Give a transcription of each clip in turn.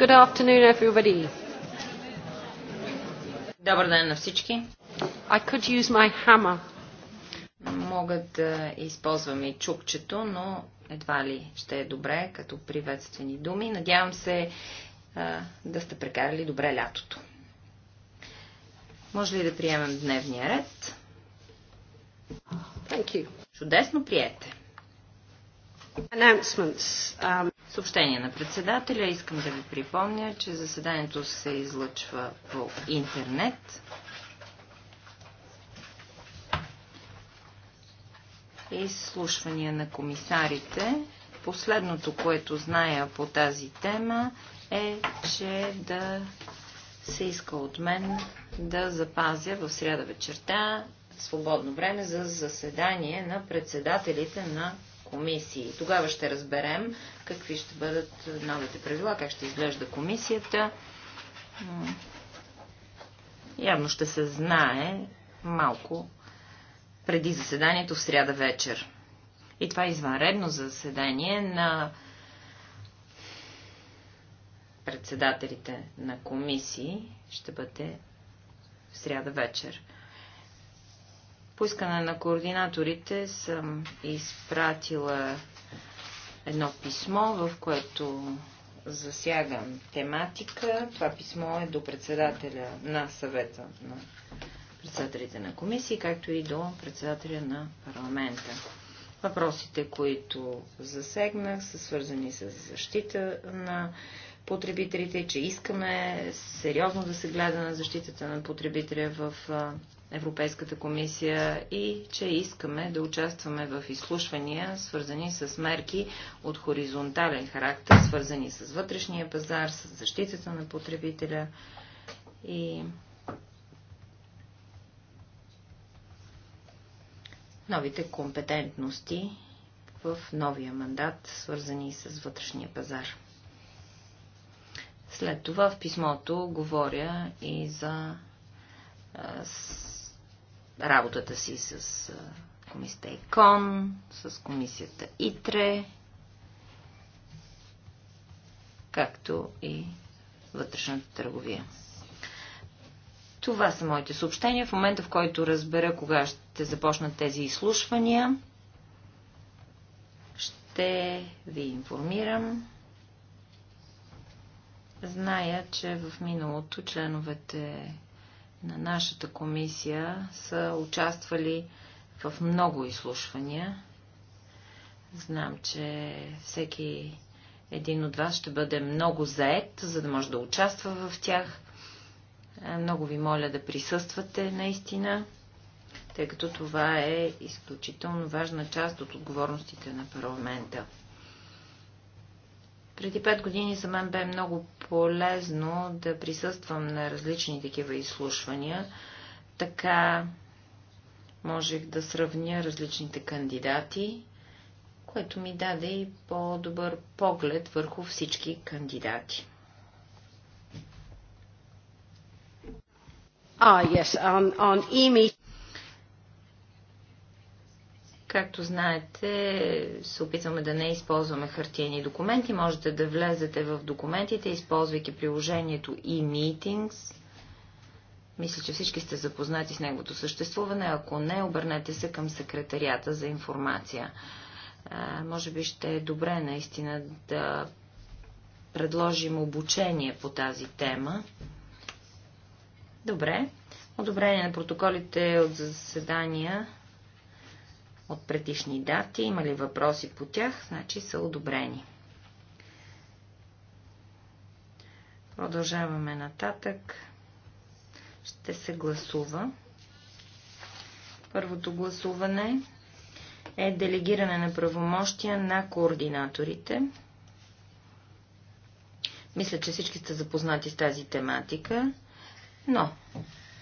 Good afternoon, everybody. Добър ден на всички. I could use my hammer. Мога да използвам и чукчето, но едва ли ще е добре като приветствени думи. Надявам се а, да сте прекарали добре лятото. Може ли да приемем дневния ред? Thank you. Чудесно приете. Announcements. Um, Съобщение на председателя. Искам да ви припомня, че заседанието се излъчва по интернет. Изслушвания на комисарите. Последното, което зная по тази тема е, че да се иска от мен да запазя в сряда вечерта свободно време за заседание на председателите на комисии. Тогава ще разберем какви ще бъдат новите правила, как ще изглежда комисията. Явно ще се знае малко преди заседанието в сряда вечер. И това е извънредно заседание на председателите на комисии ще бъде в сряда вечер поискане на координаторите съм изпратила едно писмо, в което засягам тематика. Това писмо е до председателя на съвета на председателите на комисии, както и до председателя на парламента. Въпросите, които засегнах, са свързани с защита на потребителите, че искаме сериозно да се гледа на защитата на потребителя в Европейската комисия и че искаме да участваме в изслушвания, свързани с мерки от хоризонтален характер, свързани с вътрешния пазар, с защитата на потребителя и новите компетентности в новия мандат, свързани с вътрешния пазар. След това в писмото говоря и за работата си с комисията ИКОН, с комисията ИТРЕ, както и вътрешната търговия. Това са моите съобщения. В момента, в който разбера кога ще започнат тези изслушвания, ще ви информирам. Зная, че в миналото членовете на нашата комисия са участвали в много изслушвания. Знам, че всеки един от вас ще бъде много заед, за да може да участва в тях. Е, много ви моля да присъствате наистина, тъй като това е изключително важна част от отговорностите на парламента. Преди пет години за мен бе много полезно да присъствам на различни такива изслушвания. Така можех да сравня различните кандидати, което ми даде и по-добър поглед върху всички кандидати. Ah, yes, on, e-meeting. Както знаете, се опитваме да не използваме хартиени документи. Можете да влезете в документите, използвайки приложението e-meetings. Мисля, че всички сте запознати с неговото съществуване. Ако не, обърнете се към секретарията за информация. може би ще е добре наистина да предложим обучение по тази тема. Добре. Одобрение на протоколите от заседания от предишни дати. Има ли въпроси по тях? Значи са одобрени. Продължаваме нататък. Ще се гласува. Първото гласуване е делегиране на правомощия на координаторите. Мисля, че всички сте запознати с тази тематика, но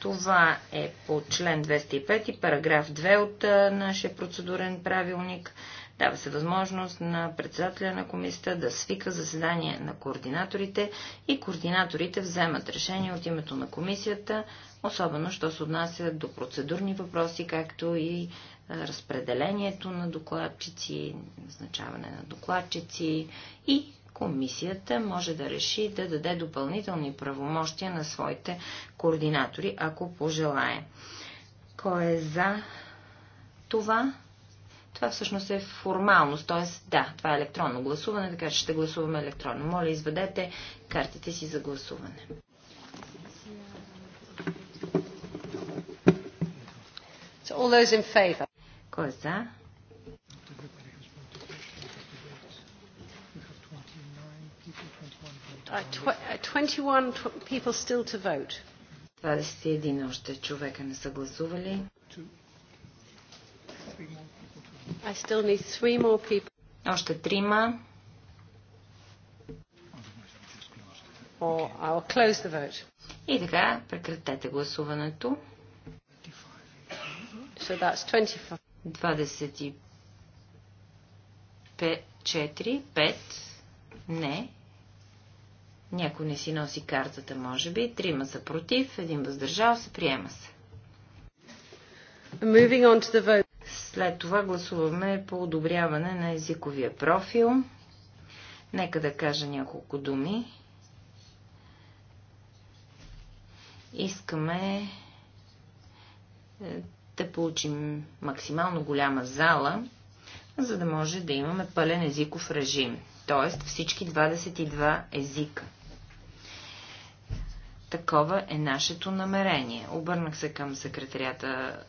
това е по член 205 параграф 2 от нашия процедурен правилник. Дава се възможност на председателя на комисията да свика заседание на координаторите и координаторите вземат решение от името на комисията, особено що се отнася до процедурни въпроси, както и разпределението на докладчици, назначаване на докладчици и комисията може да реши да даде допълнителни правомощия на своите координатори, ако пожелае. Кой е за това? Това всъщност е формалност, т.е. да, това е електронно гласуване, така че ще гласуваме електронно. Моля, изведете картите си за гласуване. Кой е за? 21 people still to vote. 21 още човека не са гласували. I still need three more people. Още трима. Or I'll close the vote. И така, прекратете гласуването. So that's 25. 25. 4, 5, не, някой не си носи картата, може би. Трима са против, един въздържал се, приема се. След това гласуваме по одобряване на езиковия профил. Нека да кажа няколко думи. Искаме е, да получим максимално голяма зала, за да може да имаме пълен езиков режим, т.е. всички 22 езика – Такова е нашето намерение. Обърнах се към секретарията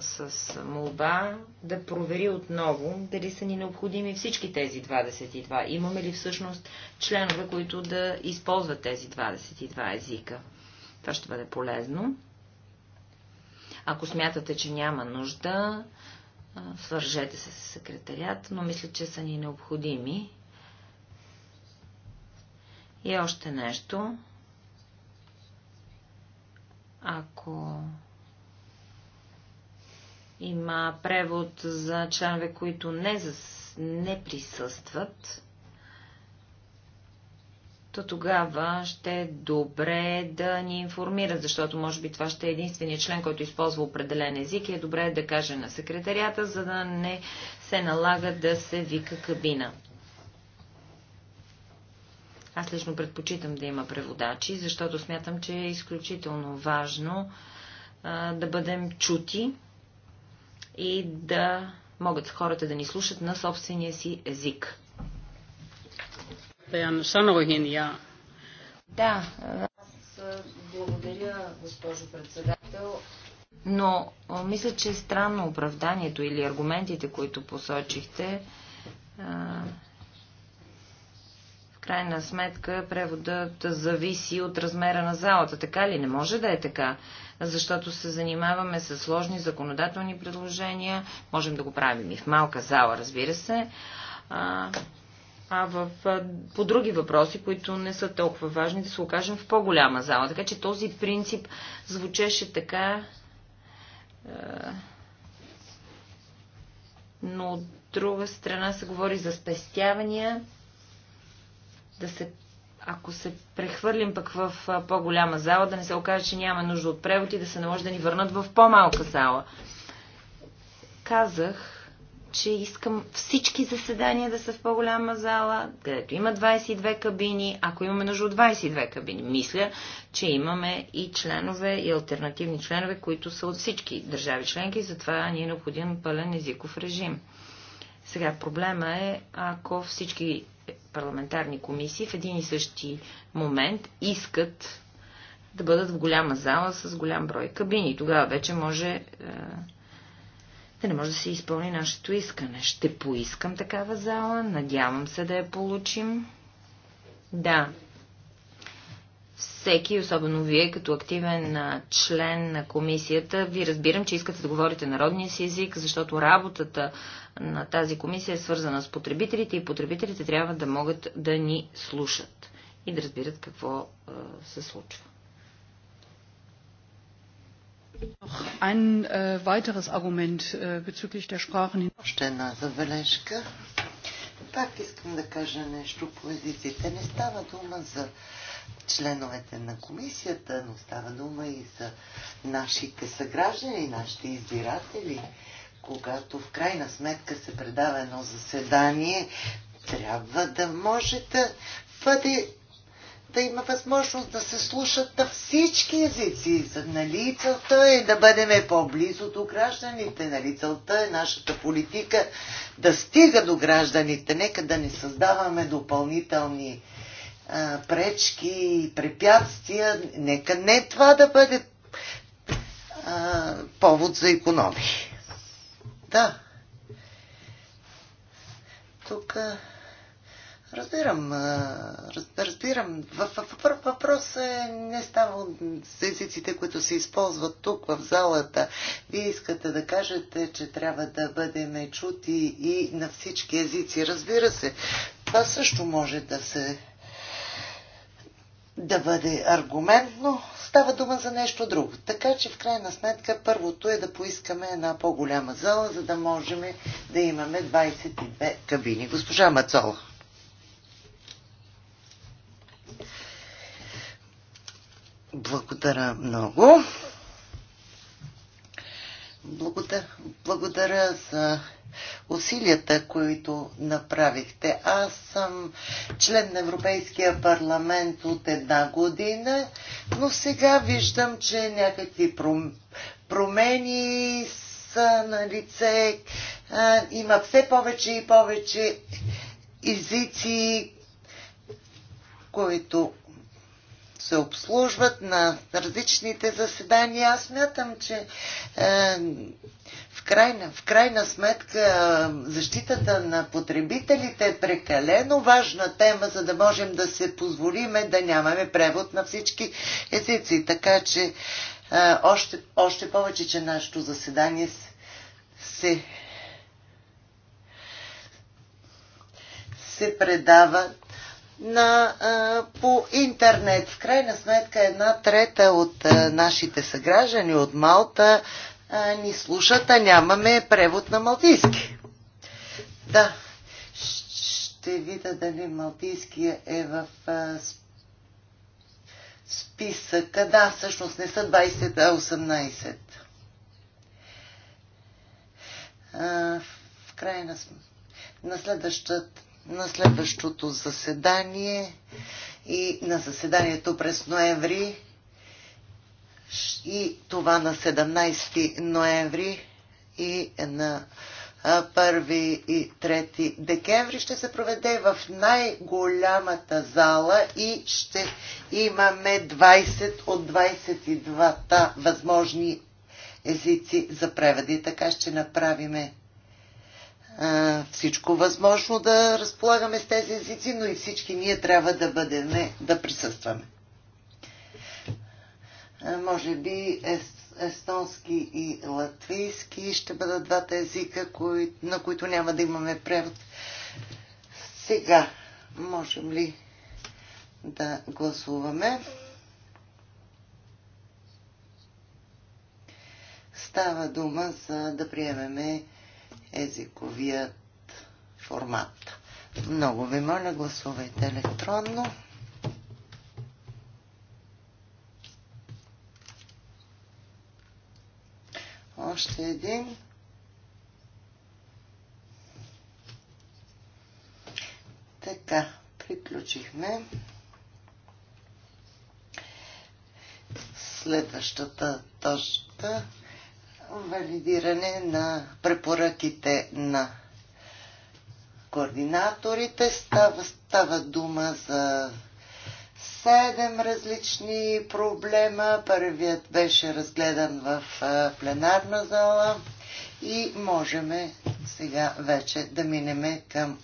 с молба да провери отново дали са ни необходими всички тези 22. Имаме ли всъщност членове, които да използват тези 22 езика? Това ще бъде полезно. Ако смятате, че няма нужда, свържете се с секретарят, но мисля, че са ни необходими. И още нещо. Ако има превод за членове, които не, зас... не присъстват, то тогава ще е добре да ни информират, защото може би това ще е единствения член, който използва определен език и е добре да каже на секретарията, за да не се налага да се вика кабина. Аз лично предпочитам да има преводачи, защото смятам, че е изключително важно а, да бъдем чути и да могат хората да ни слушат на собствения си език. Да, аз благодаря, госпожо председател. Но мисля, че е странно оправданието или аргументите, които посочихте, крайна сметка преводът зависи от размера на залата. Така ли? Не може да е така, защото се занимаваме с сложни законодателни предложения. Можем да го правим и в малка зала, разбира се. А, а в, по други въпроси, които не са толкова важни, да се окажем в по-голяма зала. Така че този принцип звучеше така. Е, но от друга страна се говори за спестявания да се ако се прехвърлим пък в по-голяма зала, да не се окаже, че няма нужда от превод и да се наложи да ни върнат в по-малка зала. Казах, че искам всички заседания да са в по-голяма зала, където има 22 кабини, ако имаме нужда от 22 кабини. Мисля, че имаме и членове, и альтернативни членове, които са от всички държави членки, затова ни е необходим пълен езиков режим. Сега проблема е, ако всички парламентарни комисии в един и същи момент искат да бъдат в голяма зала с голям брой кабини. Тогава вече може е, да не може да се изпълни нашето искане. Ще поискам такава зала, надявам се да я получим. Да, всеки, особено вие, като активен член на комисията, ви разбирам, че искате да говорите народния си език, защото работата на тази комисия е свързана с потребителите и потребителите трябва да могат да ни слушат и да разбират какво се случва. Ein äh, weiteres Argument äh, bezüglich der Sprachen. Още една забележка. Пак искам да кажа нещо по езиците. Не става дума за членовете на комисията, но става дума и за нашите съграждани, нашите избиратели. Когато в крайна сметка се предава едно заседание, трябва да може да бъде да има възможност да се слушат на всички езици. Нали целта е да бъдем по-близо до гражданите, нали целта е нашата политика да стига до гражданите. Нека да не създаваме допълнителни а, пречки и препятствия. Нека не това да бъде а, повод за економии. Да. Тук разбирам, разбирам. Въпросът е, не става за езиците, които се използват тук в залата. Вие искате да кажете, че трябва да бъдем чути и на всички езици. Разбира се, това също може да се да бъде аргумент, но става дума за нещо друго. Така че в крайна сметка първото е да поискаме една по-голяма зала, за да можем да имаме 22 кабини. Госпожа Мацола. Благодаря много. Благодаря, благодаря за усилията, които направихте. Аз съм член на Европейския парламент от една година, но сега виждам, че някакви промени са на лице. Има все повече и повече езици, които се обслужват на различните заседания. Аз мятам, че е, в, крайна, в крайна сметка е, защитата на потребителите е прекалено важна тема, за да можем да се позволиме да нямаме превод на всички езици. Така че е, още, още повече, че нашето заседание се, се се предава на, а, по интернет. В крайна сметка една трета от а, нашите съграждани от Малта а, ни слушат, а нямаме превод на малтийски. Да, ще видя дали малтийския е в а, списъка. Да, всъщност не са 20, а 18. А, в крайна сметка на следващата на следващото заседание и на заседанието през ноември и това на 17 ноември и на 1 и 3 декември ще се проведе в най-голямата зала и ще имаме 20 от 22-та възможни езици за преведи. Така ще направиме всичко възможно да разполагаме с тези езици, но и всички ние трябва да бъдем, да присъстваме. Може би естонски и латвийски ще бъдат двата езика, на които няма да имаме превод. Сега можем ли да гласуваме? Става дума за да приемеме езиковият формат. Много ви моля, гласувайте електронно. Още един. Така, приключихме. Следващата точка валидиране на препоръките на координаторите. Става, става дума за седем различни проблема. Първият беше разгледан в пленарна зала и можем сега вече да минеме към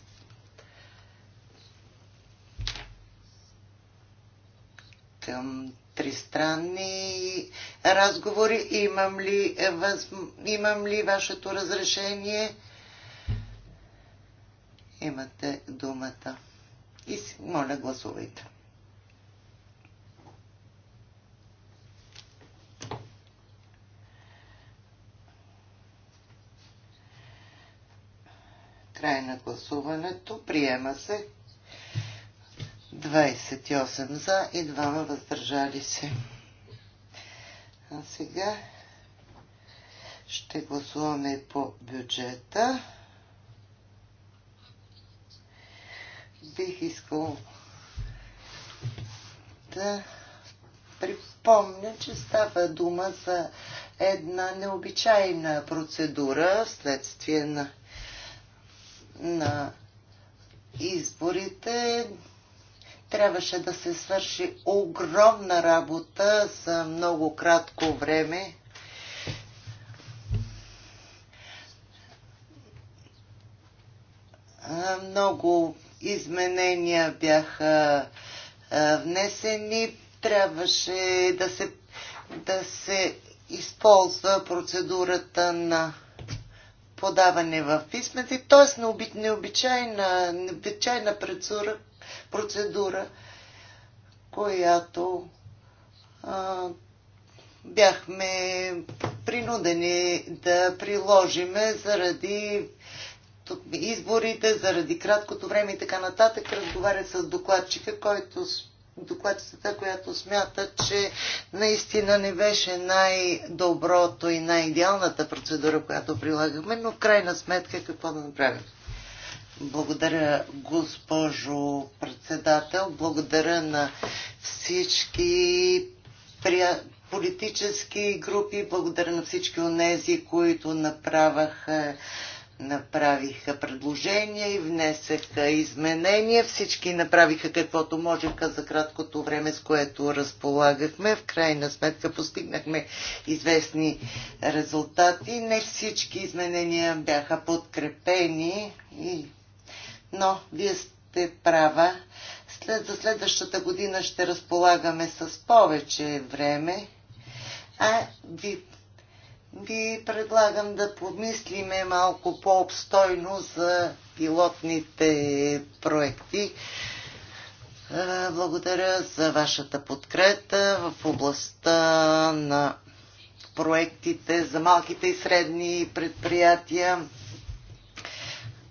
към тристранни разговори. Имам ли, е, въз... имам ли вашето разрешение? Имате думата. И моля, гласувайте. Край на гласуването. Приема се. 28 за и 2 въздържали се. А сега ще гласуваме по бюджета. Бих искал да припомня, че става дума за една необичайна процедура вследствие на, на изборите трябваше да се свърши огромна работа за много кратко време. Много изменения бяха внесени. Трябваше да се, да се използва процедурата на подаване в писмете, т.е. необичайна, необичайна процедура, процедура която а, бяхме принудени да приложиме заради изборите, заради краткото време и така нататък. Разговаря с докладчика, който докладчицата, която смята, че наистина не беше най-доброто и най-идеалната процедура, която прилагаме, но в крайна сметка какво да направим? Благодаря, госпожо председател. Благодаря на всички прия... политически групи. Благодаря на всички онези, които направаха направиха предложения и внесеха изменения. Всички направиха каквото можеха за краткото време, с което разполагахме. В крайна сметка постигнахме известни резултати. Не всички изменения бяха подкрепени, и... но вие сте права. След за следващата година ще разполагаме с повече време. А ви ви предлагам да помислиме малко по-обстойно за пилотните проекти. Е, благодаря за вашата подкрета в областта на проектите за малките и средни предприятия,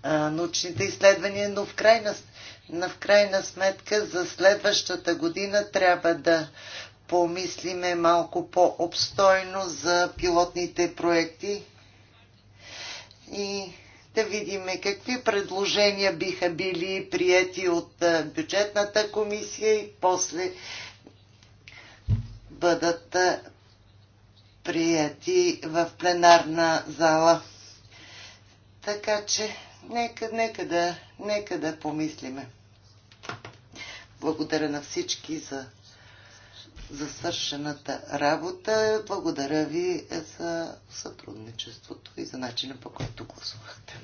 е, научните изследвания, но в крайна, но в крайна сметка за следващата година трябва да помислиме малко по-обстойно за пилотните проекти и да видим какви предложения биха били прияти от бюджетната комисия и после бъдат прияти в пленарна зала. Така че нека, нека, да, нека да помислиме. Благодаря на всички за за свършената работа. Благодаря ви за сътрудничеството и за начина по който гласувахте.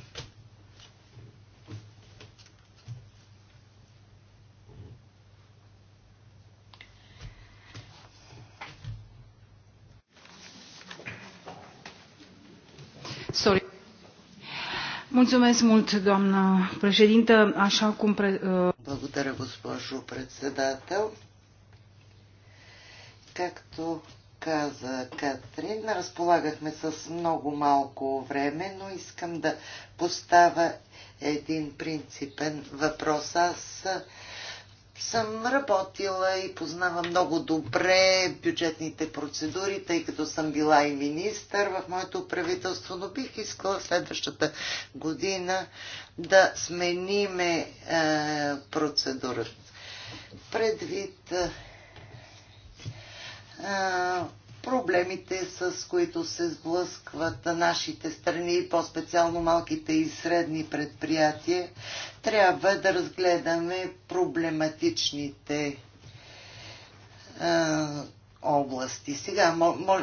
Sorry. Mulțumesc mult, doamnă președintă, așa cum... Pre... Благодаря, госпожо председател. Както каза Катрин, разполагахме с много малко време, но искам да поставя един принципен въпрос. Аз съм работила и познавам много добре бюджетните процедури, тъй като съм била и министър в моето правителство, но бих искала следващата година да смениме е, процедурата. Предвид е, проблемите, с които се сблъскват нашите страни, по-специално малките и средни предприятия, трябва да разгледаме проблематичните а, области. Сега,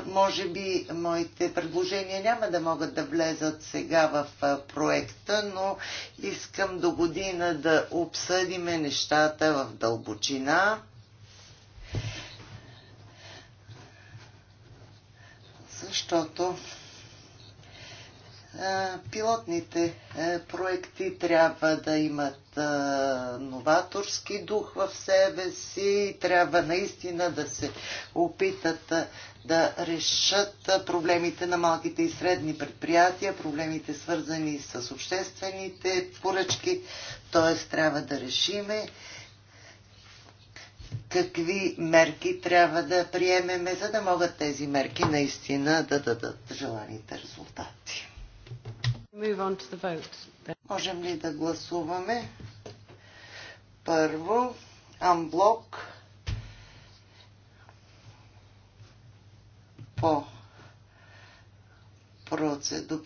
може би, моите предложения няма да могат да влезат сега в проекта, но искам до година да обсъдиме нещата в дълбочина защото пилотните проекти трябва да имат новаторски дух в себе си, трябва наистина да се опитат да решат проблемите на малките и средни предприятия, проблемите свързани с обществените поръчки, т.е. трябва да решиме какви мерки трябва да приемеме, за да могат тези мерки наистина да дадат желаните резултати. Можем ли да гласуваме? Първо, амблок по процеду,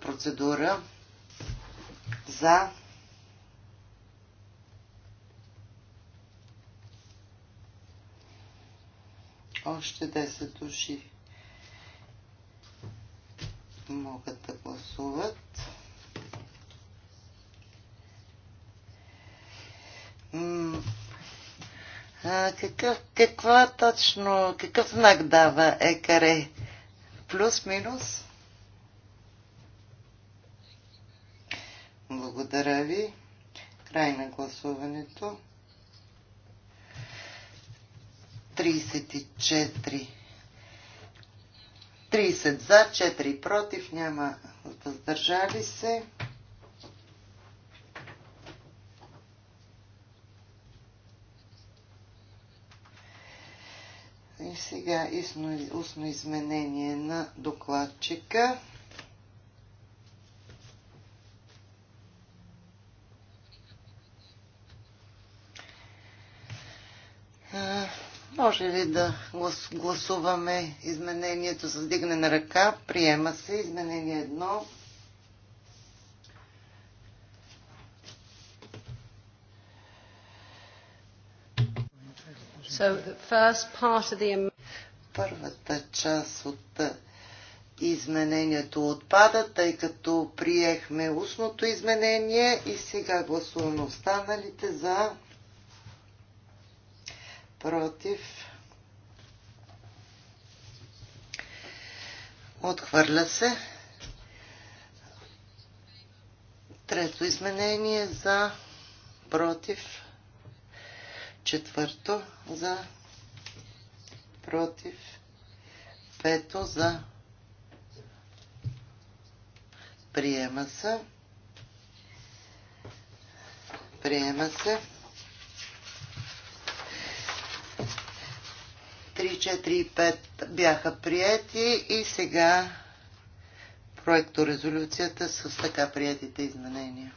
процедура за Още 10 души могат да гласуват. А, какъв, каква точно, какъв знак дава екаре? Плюс, минус? Благодаря ви. Край на гласуването. 34. 30 за, 4 против, няма въздържали се. И сега устно изменение на докладчика. Може ли да гласуваме изменението с дигане на ръка? Приема се изменение едно. So the first part of the... Първата част от изменението отпада, тъй като приехме устното изменение и сега гласуваме останалите за против Отхвърля се. Трето изменение за против. Четвърто за против. Пето за приема се. Приема се. 3, 4 и 5 бяха приети и сега проекторезолюцията с така приятите изменения.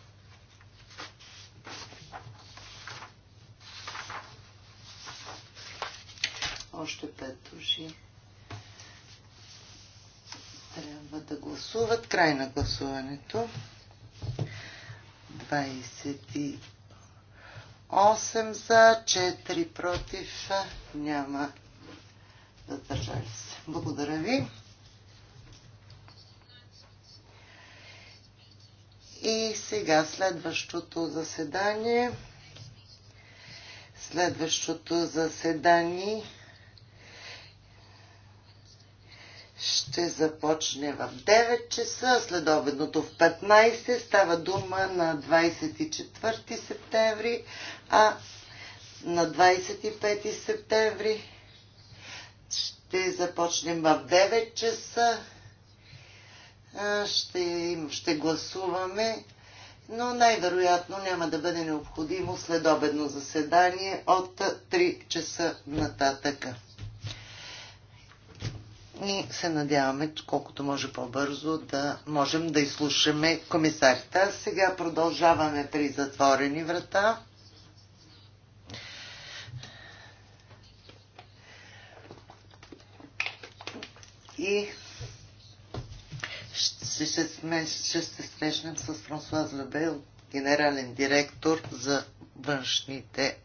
Още пет души трябва да гласуват. Край на гласуването. 28 за, 4 против, няма да държали се. Благодаря ви. И сега следващото заседание. Следващото заседание ще започне в 9 часа, след обедното в 15. Става дума на 24 септември, а на 25 септември ще започнем в 9 часа ще, ще гласуваме, но най-вероятно няма да бъде необходимо следобедно заседание от 3 часа нататъка. И се надяваме, колкото може по-бързо, да можем да изслушаме комисарите. сега продължаваме при затворени врата. И ще, ще, ще се срещнем с Франсуаз Лебел, генерален директор за външните